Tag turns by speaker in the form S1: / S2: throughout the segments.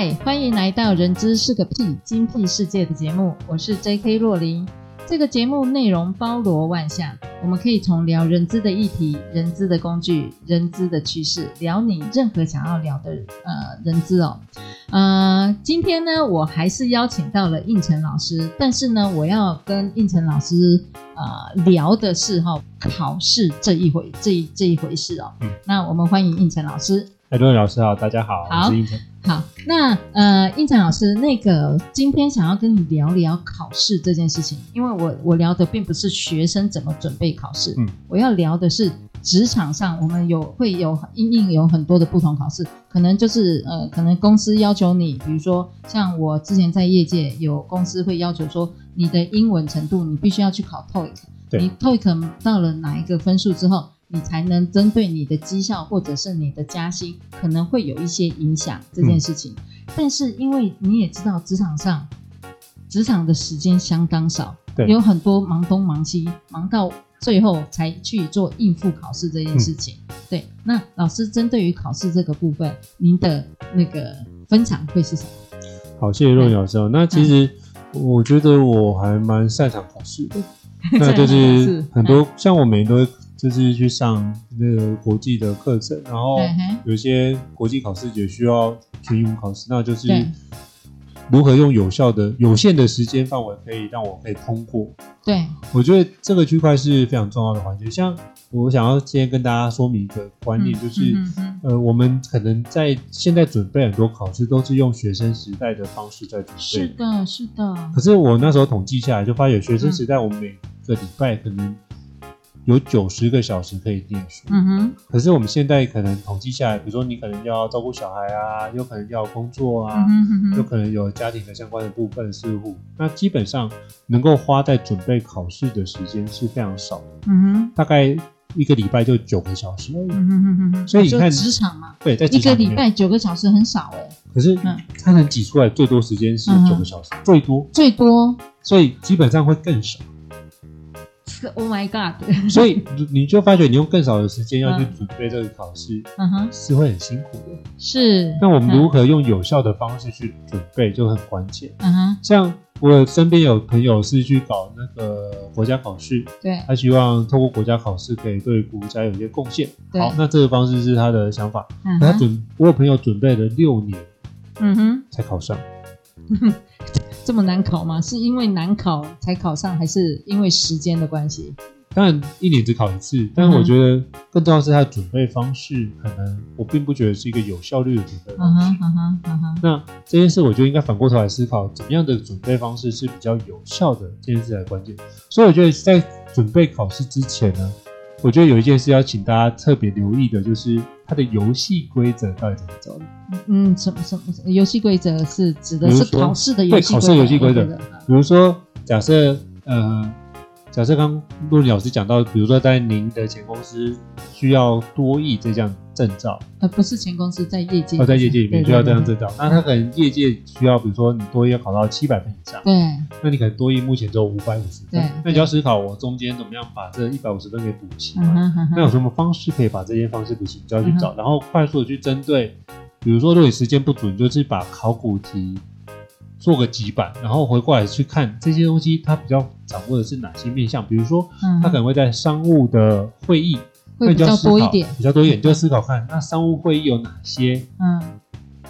S1: Hi, 歡迎來到《人資是個闢》精闢世界的節目，我是 J.K. 若羚。這個節目內容包羅萬象，我們可以從聊人資的議題、人資的工具、人資的趨勢，聊你任何想要聊的人呃人資哦。呃，今天呢，我還是邀請到了胤丞老師，但是呢，我要跟胤丞老師呃聊的是哈考、哦、試這一回這一這一回事哦。嗯、那我們歡迎胤丞老師。
S2: 哎，各位老師好，大家好，我好是胤丞。
S1: 好，那呃，胤丞老師，那個今天想要跟你聊聊考試這件事情，因為我我聊的並不是學生怎麼準備考試，嗯，我要聊的是職場上我們有會有因應有很多的不同考試，可能就是呃，可能公司要求你，比如說像我之前在業界有公司會要求說你的英文程度你必須要去考 TOEIC，對，你 TOEIC 到了哪一個分數之後，你才能針對你的績效或者是你的加薪，可能會有一些影響這件事情。嗯、但是因為你也知道，職場上職場的時間相當少，對，有很多忙東忙西，忙到最後才去做應付考試這件事情。嗯、對，那老師針對於考試這個部分，您的那個分享會是什麼？
S2: 好，謝謝若羚老師。嗯、那其實我覺得我還蠻擅長考
S3: 試的對，對，那就是
S2: 很多、嗯、像我每年都會。就是去上那個國際的課程，然後有些國際考試也需要全英文考試，那就是如何用有效的、有限的時間範圍，可以讓我可以通過。
S3: 對，
S2: 我覺得這個區塊是非常重要的環節。像我想要先跟大家說明一個觀念，就是、嗯嗯嗯嗯、呃，我們可能在現在準備很多考試，都是用學生時代的方式在準備。是
S3: 的，是的。可
S2: 是我那時候統計下來，就發現學生時代我每個禮拜可能。有九十個小時可以念書，嗯哼。可是我們現在可能統計下來，比如說你可能要照顧小孩啊，有可能要工作啊，嗯哼,嗯哼，有可能有家庭的相關的部分事務，那基本上能夠花在準備考試的時間是非常少，嗯哼，大概一個禮拜就九個小時，嗯哼,嗯
S1: 哼。所以你看職場嘛，
S2: 對，在職場裡面一個禮拜
S1: 九個小時很少、欸、
S2: 可是他能擠出來最多時間是九個小時，最多、嗯、哼最多，最多，所以基本上會更少。
S1: Oh my God！所以
S2: 你就發覺你用更少的時間要去準備這個考試，嗯
S1: 哼，
S3: 是
S2: 會很辛苦的。嗯、
S1: 是。那我們如
S2: 何用有效的方式去準備就很關鍵。嗯哼，像我身邊有朋友是去搞那個國家考試，對，他希望透過國家考試可以對國家有一些貢獻。對好，那這個方式是他的想法。嗯。他準，我有朋友準備了六年，嗯
S1: 哼，
S2: 才考上。嗯哼
S1: 這麼難考嗎？是因為難考才考上，還是因為時間的關係？
S2: 當然一年只考一次，但我覺得更重要的是他準備方式，可能我並不覺得是一個有效率的準備
S1: 方式。
S2: 那這件事，我就應該反過頭來思考，怎麼樣的準備方式是比較有效的？這件事才關鍵。所以我覺得在準備考試之前呢。我覺得有一件事要請大家特別留意的，就是它的遊戲規則到底怎麼走。嗯，什
S1: 麼什麼遊戲規則是指的是考試的遊戲規則？對，考試遊戲規則。比
S2: 如說，假設嗯。呃假設剛，若羚老師講到，比如說在您的前公司需要多益這項證照，
S1: 呃，不是前公司，在業界，哦，在業界裡面需對要這項證照，對對對，那他
S2: 可能業界需要，比如說你多益要考到七百分以上，對，那你可能多益目前只有五百五十分，對，那你要思考我中間怎麼樣把這一百五十分給補齊，對對對，那有什麼方式可以把這些方式補齊，你就要去找，嗯哼嗯哼，然後快速的去針對，比如說如果你時間不足，你就去把考古題。做個幾版，然後回過來去看這些東西，他比較掌握的是哪些面向？比如說，他、嗯、可能會在商務的會議會比較多一點，比較多一點，嗯、就思考看、嗯、那商務會議有哪些？
S3: 嗯。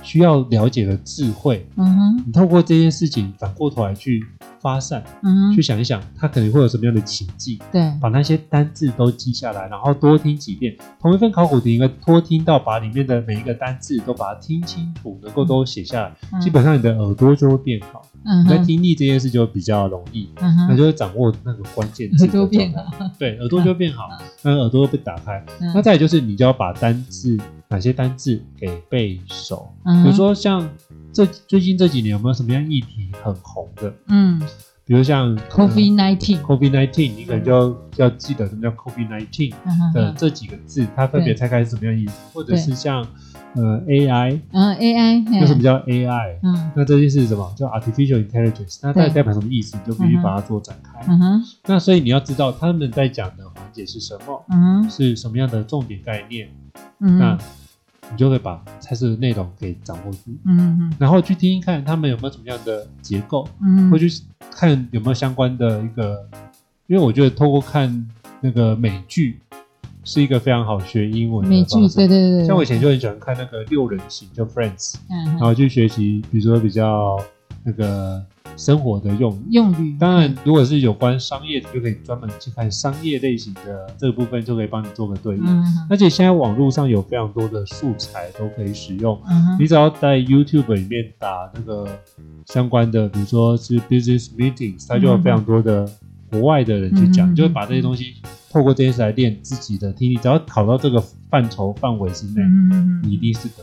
S2: 需要了解的智慧，
S3: 嗯哼，你
S2: 透過這件事情反過頭來去發散，嗯，去想一想，他可能會有什麼樣的情境，對，把那些單字都記下來，然後多聽幾遍。同一份考古題，應該多聽到，把裡面的每一個單字都把它聽清楚，能夠都寫下來，基本上你的耳朵就會變好，嗯，那聽力這件事就比較容易，那就會掌握那個關鍵字耳朵
S3: 變，
S2: 對，耳朵就變好，那耳朵會被打開，那再就是你就要把單字。哪些單字給背熟？比如說像這最近這幾年有沒有什麼樣議題很紅的？嗯，比如像 COVID nineteen，COVID nineteen，你可能就要記得什麼叫 COVID nineteen 的這幾個字，它分別拆開是什麼樣意思？或者是像呃 AI，嗯 AI，那什麼叫 AI？嗯，那這些是什麼叫 artificial intelligence？那它代表什麼意思？你就必須把它做展
S3: 開。
S2: 嗯哼。那所以你要知道他們在講的環節是什麼？嗯，是什麼樣的重點概念？嗯，那你就會把菜式的內容給掌握住，嗯哼，然後去聽聽看他們有沒有什麼樣的結構，嗯哼，或去看有沒有相關的一個，因為我覺得透過看那個美劇是一個非常好學英文的方式美劇，對
S3: 對對，對，像我以前就很
S2: 喜歡看那個六人行，就 Friends，嗯、哼然後去學習，比如說比較那個。生活的用力用力，當然，如果是有關商業的，就可以專門去看商業類型的這個部分，就可以幫你做個對應。嗯、而且現在網絡上有非常多的素材都可以使用，嗯、你只要在 YouTube 裡面打那個相關的，比如說是 business meetings，它就有非常多的國外的人去講，嗯、你就會把這些東西透過這些來練自己的聽力。嗯、你只要考到這個範疇範圍之內，嗯、
S1: 你
S3: 一定是的。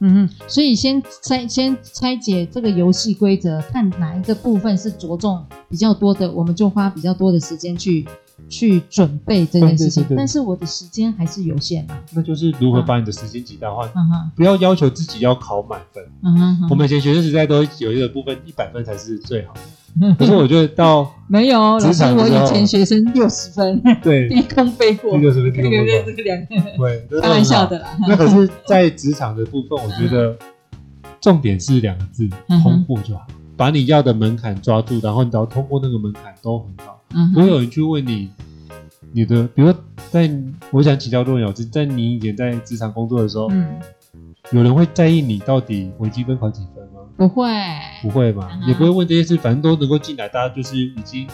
S1: 嗯嗯，所以先拆先拆解這個遊戲規則，看哪一個部分是着重比較多的，我們就花比較多的時間去去準備這件事情。嗯、對對對對，但是我的時間還是有限
S2: 啊。那就是如何把你的時間最大化，啊、不要要求自己要考滿分。嗯
S1: 哼、啊，啊、我們
S2: 以前學生時代都有一個部分，一百分才是最好的。
S3: 可是我覺得到沒有，只是我以前學生六十分，對低 空飛過，六十
S2: 分個對，開玩笑的啦。那可是，在職場的部分，我覺得重點是兩個字：通過、嗯、就好。把你要的門檻抓住，然後你只要通過那個門檻都很好。嗯哼，如果有人去問你，你的，比如在我想請教若羚老師，在你以前在職場工作的時候，嗯，有人會在意你到底微積分考幾分嗎？
S3: 不會，
S2: 不會嘛，也不會問這些事，反正都能夠進來，大家就是已經，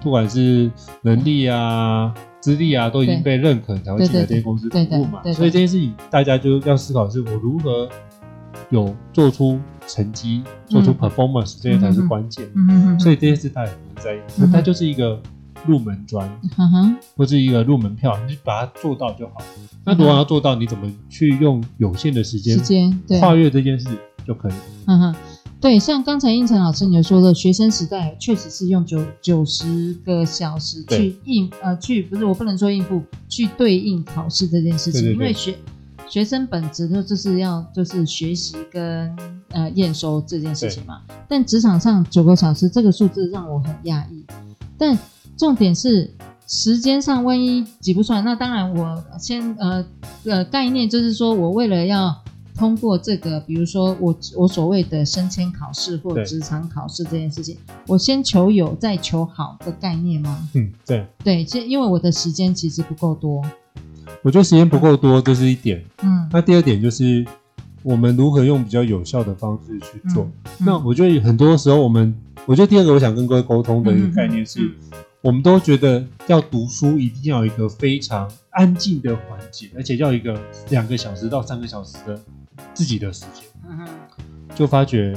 S2: 不管是能力啊、資歷啊，都已經被認可，才會進來這些公司服務嘛。所以這些事情大家就要思考：是我如何有做出成績、做出 performance，這些才是關鍵。嗯嗯嗯。所以這些事他也不在意，它就是一個入門磚，或是一個入門票，你就把它做到就好。那如果要做到，你怎麼去用有限的時間，跨越這件事？就
S1: 可以，嗯哼，對，像剛才胤丞老師你說的，學生時代確實是用九九十個小時去應對呃去，不是我不能說應付，去對應考試這件事情，對對對，因為學學生本質就是要就是學習跟呃驗收這件事情嘛。對但職場上九個小時這個數字讓我很訝異。但重點是時間上，萬一擠不出來，那當然我先呃呃概念就是說我為了要。通過這個，比如說我我所謂的升遷考試或職場考試這件事情，對我先求有再求好的概念嗎？嗯，對。對，因為我的時間其實不夠多。
S2: 我覺得時間不夠多就是一點。嗯。那第二點就是我們如何用比較有效的方式去做。嗯嗯、那我覺得很多時候我們，我覺得第二個我想跟各位溝通的一個概念是，我們都覺得要讀書一定要有一個非常安靜的環境，而且要一個兩個小時到三個小時的。自己的時間，嗯、哼就發覺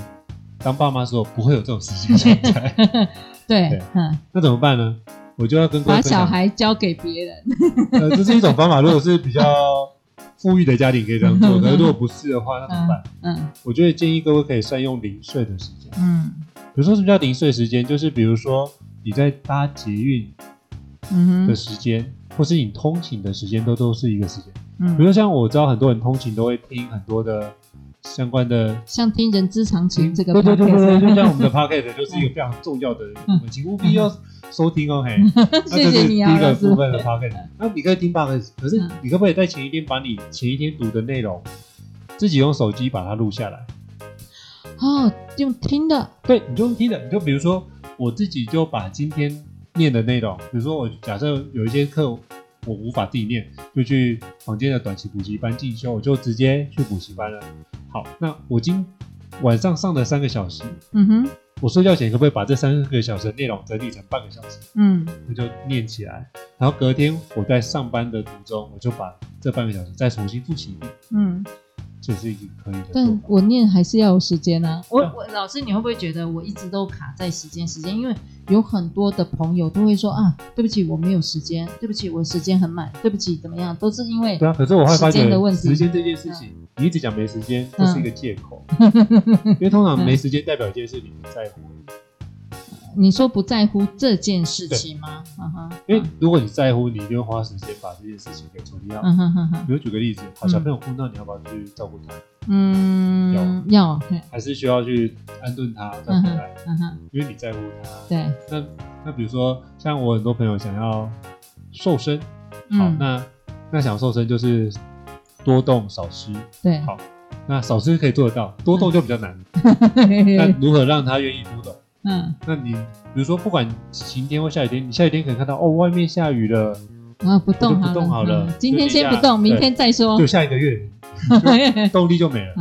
S2: 當爸媽的時候不會有這種事情存在。
S1: 對，對
S2: 嗯、那怎麼辦呢？我就要跟把小
S1: 孩交給別人。
S2: 這是一種方法。如果是比較富裕的家庭可以這樣做，嗯、哼可是如果不是的話，那怎麼辦？嗯，嗯我就會建議各位可以善用零碎的時間。嗯，比如說什麼叫零碎時間？就是比如說你在搭捷運，嗯的時間，嗯、哼或是你通勤的時間，都都是一個時間。比如像我知道很多人通勤都會聽很多的相關的，
S1: 像聽人之常情這個 podcast，就像我們的 podcast
S2: 就是一個非常重要的，我請務必要收聽哦，嘿。謝謝你啊，第一個部分的 podcast，那你可以聽 podcast，可是你可不可以在前一天把你前一天讀的內容，自己用手機把它錄下來？
S1: 哦，用聽的。
S2: 對，你就用聽的，你就比如說我自己就把今天念的內容，比如說我假設有一些課。我無法自己念，就去房間的短期補習班進修，我就直接去補習班了。好，那我今晚上上的三個小時，嗯
S3: 哼，
S2: 我睡覺前可不可以把這三個小時內容整理成半個小時？嗯，我就念起來。然後隔天我在上班的途中，我就把這半個小時再重新複
S1: 習一遍。嗯。
S3: 這是一個
S1: 可以的，但我念還是要有時間啊！嗯、我啊我老師，你會不會覺得我一直都卡在時間？時間，因為有很多的朋友都會說啊，對不起，我沒有時間，嗯、對不起，我時間很滿，對不起，怎麼樣，都是因為時間的問題。對啊。可是我發現，時間這
S2: 件事情，嗯、你一直講沒時間，這是一個借口，嗯、
S1: 因為通常沒
S2: 時間代表一件事情，你不在乎。
S1: 你說不在乎這件事情嗎？因
S2: 為，如果你在乎，你就會花時間把這件事情給處理掉。比如舉個例子，好，小朋友哭鬧，你要不要去照顧他？嗯，要要。還是需要去安頓
S3: 他再回來。因為你在乎
S2: 他。對。那那比如說，像我很多朋友想要瘦身，
S3: 好，那
S2: 那想瘦身就是多動少吃。對，好。那少吃可以做得到，多動就比較難。那如何讓他願意多動？嗯，那你比如說，不管晴天或下雨天，你下雨天可以看到哦，外面下雨了，
S1: 啊、哦，不動不動好了，動好了、嗯，今天先不動，對明天再說，就
S2: 下一個月，動力就沒
S3: 了。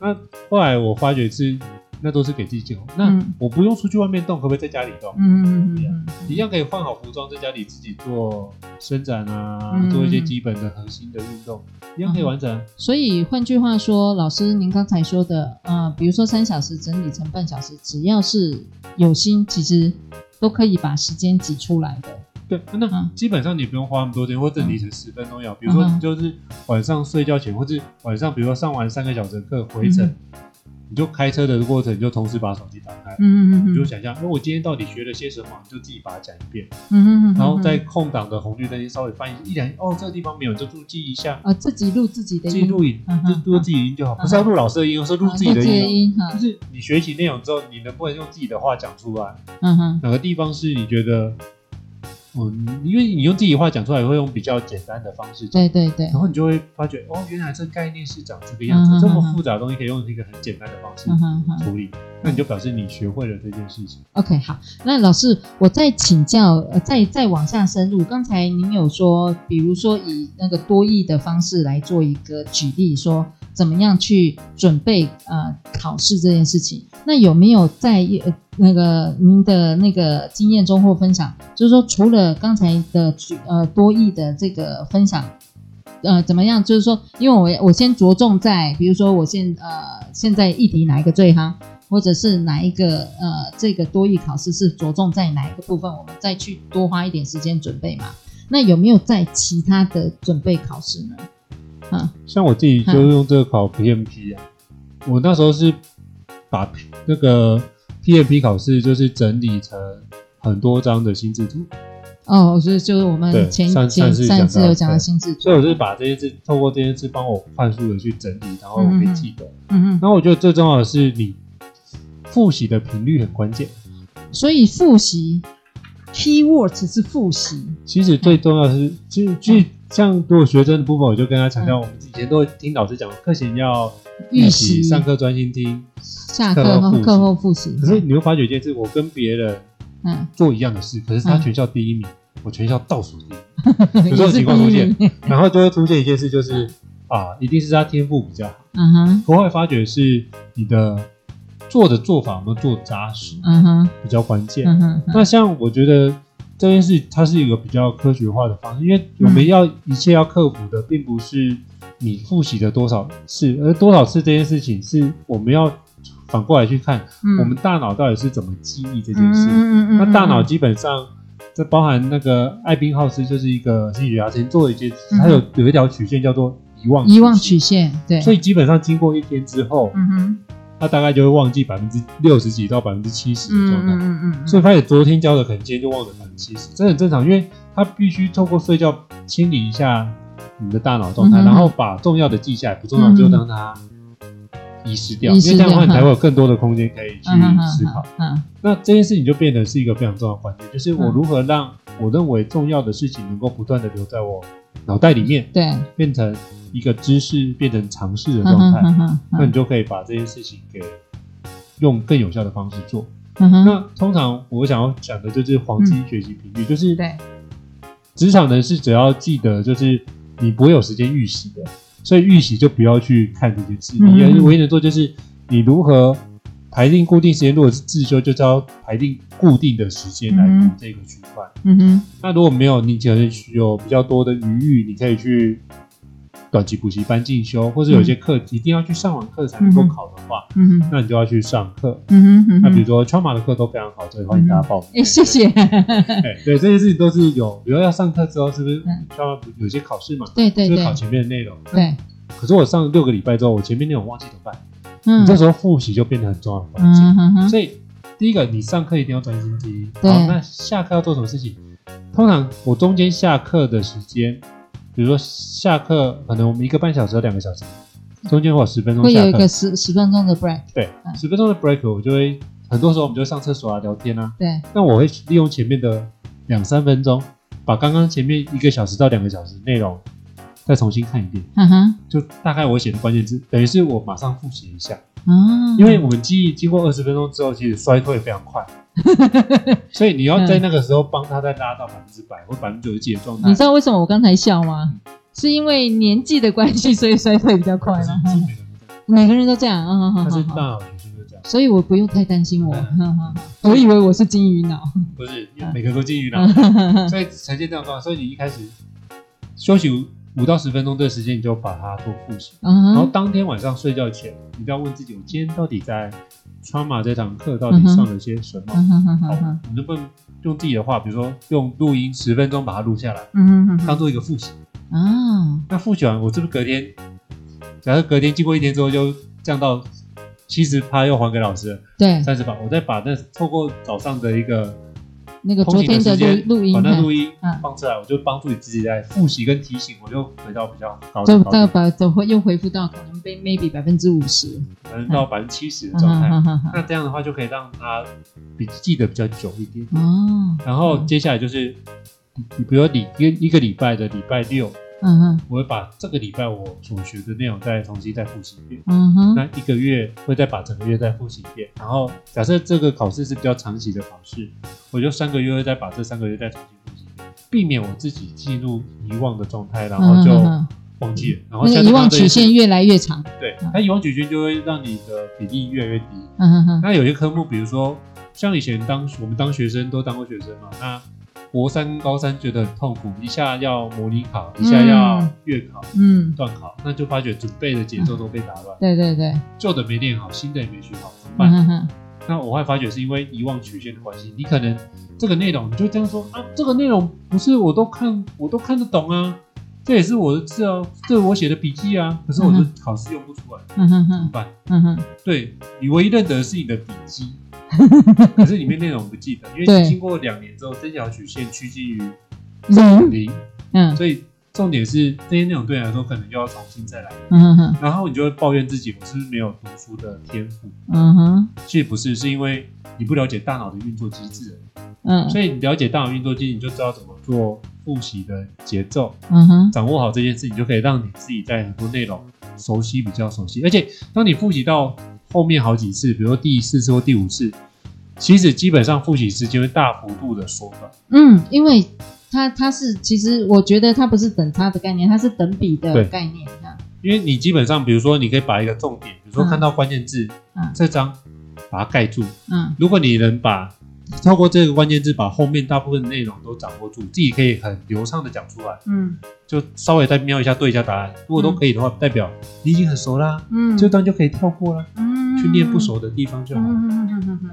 S2: 那後來我發覺是。那都是給自己做。那我不用出去外面動，嗯、可不可以在家裡動？嗯，一樣可以換好服裝，在家裡自己做伸展啊，嗯、做一些基本的核心的運動，一樣可以完成。
S1: 嗯、所以換句話說，老師您剛才說的，呃，比如說三小時整理成半小時，只要是有心，其實都可以把時間擠出來的。對，那
S2: 基本上你不用花那麼多時間，或者整理成十分鐘要，比如說你就是晚上睡覺前，或者晚上比如說上完三個小時的課回程。嗯你就開車的過程你就同時把手機打開，嗯嗯
S3: 嗯，
S1: 你就想
S2: 象，那、欸、我今天到底學了些什麼，就自己把它講一遍，嗯嗯嗯，然後在空檔的紅綠燈稍微翻一、一兩，哦，這個地方沒有就注記一下，啊、
S1: 哦，自己錄自己的音，自己錄影，嗯、哼就錄自己音就好，嗯、哼不是要錄老師的音，嗯、哼我說錄自己的音，嗯、哼就是
S2: 你學習內容之後，你能不能用自己的話講出來，嗯哼，哪個地方是你覺得？嗯，因為你用自己話講出來，會用比較簡單的方式講，對對對，然後你就會發覺，哦，原來這概念是長這個樣子，嗯、這麼複雜的東西可以用一個很簡單的方式處理，嗯嗯、那你就表示你學會了這件事情。
S1: OK，好，那老師，我再請教，呃、再再往下深入。剛才您有說，比如說以那個多益的方式來做一個舉例說。怎麼樣去準備呃考試這件事情？那有沒有在呃那個您的那個經驗中或分享？就是說，除了剛才的呃多益的這個分享，呃怎麼樣？就是說，因為我我先着重在，比如說我現呃現在一題哪一個最哈，或者是哪一個呃這個多益考試是着重在哪一個部分，我們再去多花一點時間準備嘛？那有沒有在其他的準備考試呢？
S2: 像我自己就用這個考 PMP 啊，啊我那時候是把那個 PMP 考試就是整理成很多張的心智圖。
S1: 哦，所以就是我們前，前，前次，上次有講到心智圖，所
S2: 以我是把這些字透過這些字幫我快速的去整理，然後我可以記得。嗯嗯。那我覺得最重要的是你複習的頻率很關鍵。
S1: 所以複習，keywords 是複習。
S2: 其實最重要的是，就是、嗯、就。就嗯像做學生的部分，我就跟他強調，我們以前都會聽老師講，課前要預習，上課專心聽，
S1: 下課後課後複習。可
S2: 是你會發覺一件事，我跟別人做一樣的事，可是他全校第一名，我全校倒數第一，有這種情況出現，然後就會出現一件事，就是啊，一定是他天賦比較好。
S3: 嗯
S2: 哼，不會發覺是你的做的做法有沒有做扎實，
S3: 嗯哼，
S2: 比較關鍵。嗯哼。那像我覺得。這件事，它是一個比較科學化的方式，因為我們要一切要克服的，並不是你複習了多少次，而多少次這件事情，是我們要反過來去看，我們大腦到底是怎麼記憶這件事。嗯嗯嗯嗯嗯、那大腦基本上，這包含那個艾賓浩斯，就是一個心理學家曾經做了一件，他有、嗯、有一條曲線叫做遺忘遺
S1: 忘曲線，對，所以
S2: 基本上經過一天之後，嗯嗯他大概就會忘記百分之六十幾到百分之七十的
S1: 狀態，嗯嗯，所
S2: 以發現昨天教的可能今天就忘了百分之七十，這很正常，因為他必須透過睡覺清理一下你的大腦狀態，然後把重要的記下來，不重要就讓它遺失掉，因為這樣的話你才會有更多的空間可以去思考。
S3: 嗯，
S2: 那這件事情就變成是一個非常重要的環節，就是我如何讓我認為重要的事情能夠不斷的留在我，腦袋裡面，對，變成一個知識變成常識的狀態，嗯嗯嗯、那你就可以把這件事情給用更有效的方式做。嗯、哼那通常我想要講的就是黃金學習頻率，嗯、就是對，職場人士只要記得，就是你不會有時間預習的，所以預習就不要去看這些字。你、嗯、哼唯一能做就是你如何。排定固定時間，如果是自修，就是要排定固定的時間來讀這個區塊。嗯哼。那如果沒有，你可能有比較多的餘裕，你可以去短期補習班進修，或者有些課一定要去上完課才能夠考的話，嗯，嗯那你就要去上課、嗯。嗯哼。那比如說 CHRMA 的課都非常好，所以歡迎大家報名。嗯欸、對謝謝。對，這些事情都是有。比如要上課之後，是不是 CHRMA 有些考試嘛、嗯？對對、對。就是考前面的內容。
S3: 對。對對
S2: 可是我上六個禮拜之後，我前面內容忘記怎麼辦？嗯、你這時候複習就變得很重要的環節，短短嗯、哼哼，所以第一個，你上課一定要專心聽。對。好，那下課要做什麼事情？通常我中間下課的時間，比如說下課可能我們一個半小時到兩個小時，中間或者十分鐘下課。會有一個十十分鐘的 break。對，十、嗯、分鐘的 break，我就會很多時候我們就會上廁所啊，聊天啊。對。那我會利用前面的兩三分鐘，把剛剛前面一個小時到兩個小時內容。再重新看一遍，就大概我寫的關鍵字等於是我馬上複習一下，嗯，
S3: 因為我
S2: 們記憶經過二十分鐘之後，其實衰退非常快，所以你要在那個時候幫他再拉到百分之百或百分之九十幾的狀態。你知道
S1: 為什麼我剛才笑嗎？是因為年紀的關係，所以衰退比較快嗎？每個人都這樣，所以我不用太擔心我，我以為我是金魚腦，不是，
S3: 每個都金魚腦，
S1: 所以
S2: 呈現這種狀況，所以你一開始休息。五到十分鐘，這時間你就把它做複習，uh huh. 然後當天晚上睡覺前你就要問自己：我今天到底在 CHRMA 這堂課到底上了些什麼？Uh huh. uh huh. 好，你能不能用自己的話，比如說用錄音十分鐘把它錄下來，當做一個複習。Uh huh. uh huh. oh. 那複習完，我是不是隔天？假設隔天經過一天之後，就降到七十趴，又還給老師了。對、uh，三十趴，我再把那透過早上的一個。
S1: 那個昨天的錄音，把那錄音，
S2: 音放出來，啊、我就幫助你自己在復習跟提醒，我就回到比較高，再再
S1: 把，總會又回復到可能被 maybe 百分之五十，
S2: 可能、嗯、到百分之七十的狀態，啊啊啊啊啊，那這樣的話就可以讓它比記得比較久一點哦。啊、然後接下來就是，你、嗯、比如你一個一個禮拜的禮拜六。嗯哼，我會把這個禮拜我所學的內容再重新再複習一遍。嗯哼，那一個月會再把整個月再複習一遍。然後假設這個考試是比較長期的考試，我就三個月會再把這三個月再重新複習，避免我自己進入遺忘的狀態，然後就忘記了。嗯、哼然後遺忘曲線越來越長，對，那遺、嗯、哼忘曲線就會讓你的比例越來越低。嗯哼哼，那有些科目，比如說像以前當我們當學生都當過學生嘛，那。國三、高三覺得很痛苦，一下要模擬考，一下要月考，嗯，段考，嗯、那就發覺準備的節奏都被打亂，嗯。對對對，舊的沒練好，新的也沒學好，怎麼辦？嗯、哼
S3: 哼，
S2: 那我會發覺是因為遺忘曲線的關係，你可能這個內容你就這樣說啊，這個內容不是我都看，我都看得懂啊，這也是我的字哦，是這是我寫的筆記啊，可是我就考試用不出來，嗯哼哼，怎麼辦？嗯哼，對，你唯一認得的是你的筆記。 可是裡面內容不記得，因為經過兩年之後，這條對曲線趨近於
S3: 零。嗯，
S2: 所以重點是這些內容對你來說可能又要重新再來。嗯哼、哼。然後你就會抱怨自己，我是不是沒有讀書的天賦？嗯哼。其實不是，是因為你不了解大腦的運作機制。嗯。所以你了解大腦運作機制，你就知道怎麼做複習的節奏。嗯哼。掌握好這件事情，就可以讓你自己在很多內容熟悉，比較熟悉，而且當你複習到。後面好幾次，比如說第四次或第五次，其實基本上復習時間會大幅度的縮短。嗯，
S1: 因為它它是其實我覺得它不是等差的概念，它是等比的概念。
S2: 對樣因為你基本上比如說你可以把一個重點，比如說看到關鍵字，嗯、這張把它蓋住。嗯。如果你能把透過這個關鍵字把後面大部分內容都掌握住，自己可以很流暢的講出來。嗯。就稍微再瞄一下，對一下答案。如果都可以的話，嗯、代表你已經很熟啦。嗯。就當就可以跳過了。嗯。
S1: 去念
S2: 不
S1: 熟的地方就好了。嗯嗯嗯嗯嗯。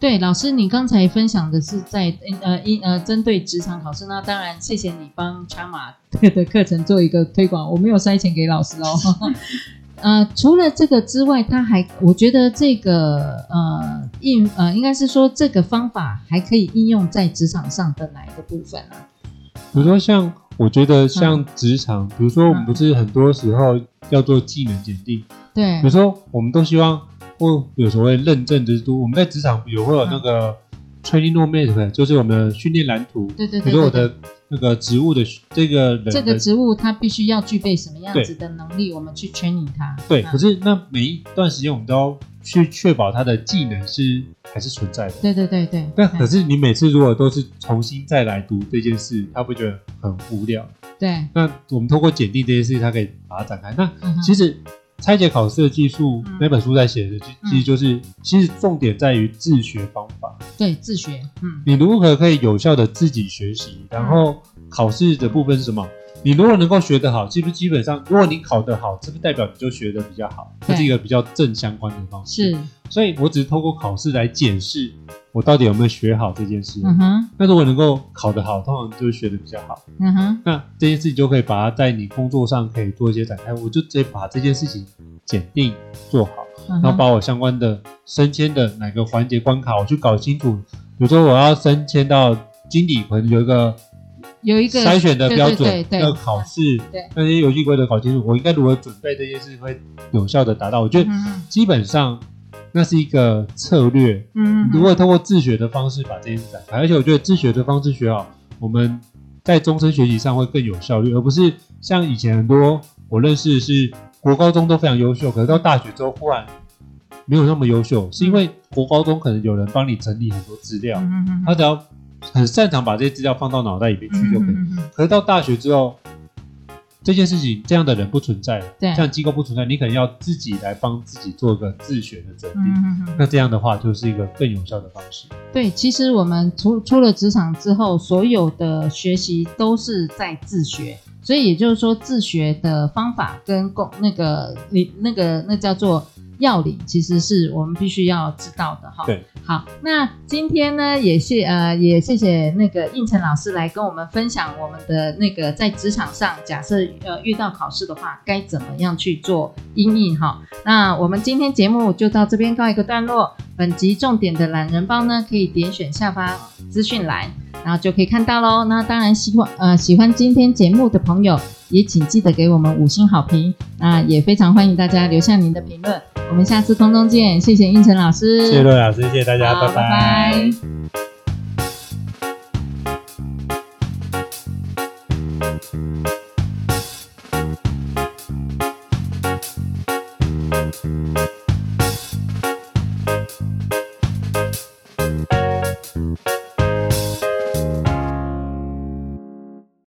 S1: 對，老師，你剛才分享的是在呃，應呃，針對職場考試，那當然謝謝你幫 CHRMA 的課程做一個推廣。我沒有塞錢給老師哦。 呃，除了這個之外，他還，我覺得這個呃應呃，應該、呃、是說這個方法還可以應用在職場上的哪一個部分，啊、
S2: 比如說像。我覺得像職場，嗯、比如說我們不是很多時候要做技能檢定？對、嗯，比如說我們都希望或有所謂認證制度。我們在職場有會有那個 training roadmap、嗯、就是我們的訓練藍圖，對對、對、對、對、對。比如說我的。那個植物的這個人的這個植
S1: 物，它必須要具備什麼樣子的能力，對我們去牽引它。
S2: 對，嗯、可是那每一段時間，我們都要去確保它的技能是還是存在
S1: 的。嗯、對對對對。但可
S2: 是你每次如果都是重新再來讀這件事，他不會覺得很無聊？對。那我們通過檢定這件事情，它可以把它展開。那其實。嗯拆解考試的技術，嗯、那本書在寫的，其實就是，嗯、其實重點在於自學方法。
S1: 對，自學。嗯，
S2: 你如何可以有效的自己學習，然後考試的部分是什麼？你如果能夠學得好，是不是基本上，如果你考得好，是不是代表你就學得比較好？這對是一個比較正相關的方式。是，所以我只是透過考試來檢視我到底有沒有學好這件事。嗯哼。那如果能夠考得好，通常就學得比較好。嗯哼。那這件事情就可以把它在你工作上可以做一些展開。我就直接把這件事情檢定做好，嗯、哼然後把我相關的升遷的哪個環節關卡，我去搞清楚。比如說我要升遷到經理，可能有一個。有一個篩選的標準，要考試，那些遊戲規則搞清楚，我應該如何準備這件事會有效的達到？我覺得基本上那是一個策略。嗯，嗯，嗯，如果通過自學的方式把這件事展開，嗯嗯，而且我覺得自學的方式學好，我們在終身學習上會更有效率，而不是像以前很多我認識的是國高中都非常優秀，可是到大學之後忽然沒有那麼優秀，嗯、是因為國高中可能有人幫你整理很多資料，嗯嗯嗯，他只要。很擅長把這些資料放到腦袋裡面去，就可以。嗯哼嗯哼，可是到大學之後，這件事情這樣的人不存在了，對像機構不存在，你可能要自己來幫自己做個自學的整理。嗯、哼哼，那這樣的話，就是一個更有效的方式。
S1: 對，其實我們出出了職場之後，所有的學習都是在自學，所以也就是說，自學的方法跟工那個你那個、那個、那叫做。藥理其實是我們必須要知道的哈。對好，那今天呢，也謝呃，也謝謝那個胤丞老師來跟我們分享我們的那個在職場上，假設呃遇到考試的話，該怎麼樣去做因應哈。那我們今天節目就到這邊告一個段落。本集重點的懶人包呢，可以點選下方資訊欄，然後就可以看到嘍。那當然喜歡，希望呃喜歡今天節目的朋友，也請記得給我們五星好評，那也非常歡迎大家留下您的評論。我們下次空中見，謝謝胤丞老師，謝謝
S3: 陸老師，謝謝大家，好拜拜。拜拜。